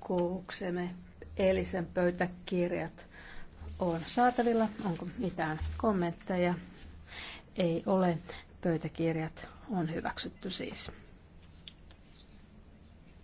kokouksemme eilisen pöytäkirjat on saatavilla. Onko mitään kommentteja? Ei ole. Pöytäkirjat on hyväksytty siis.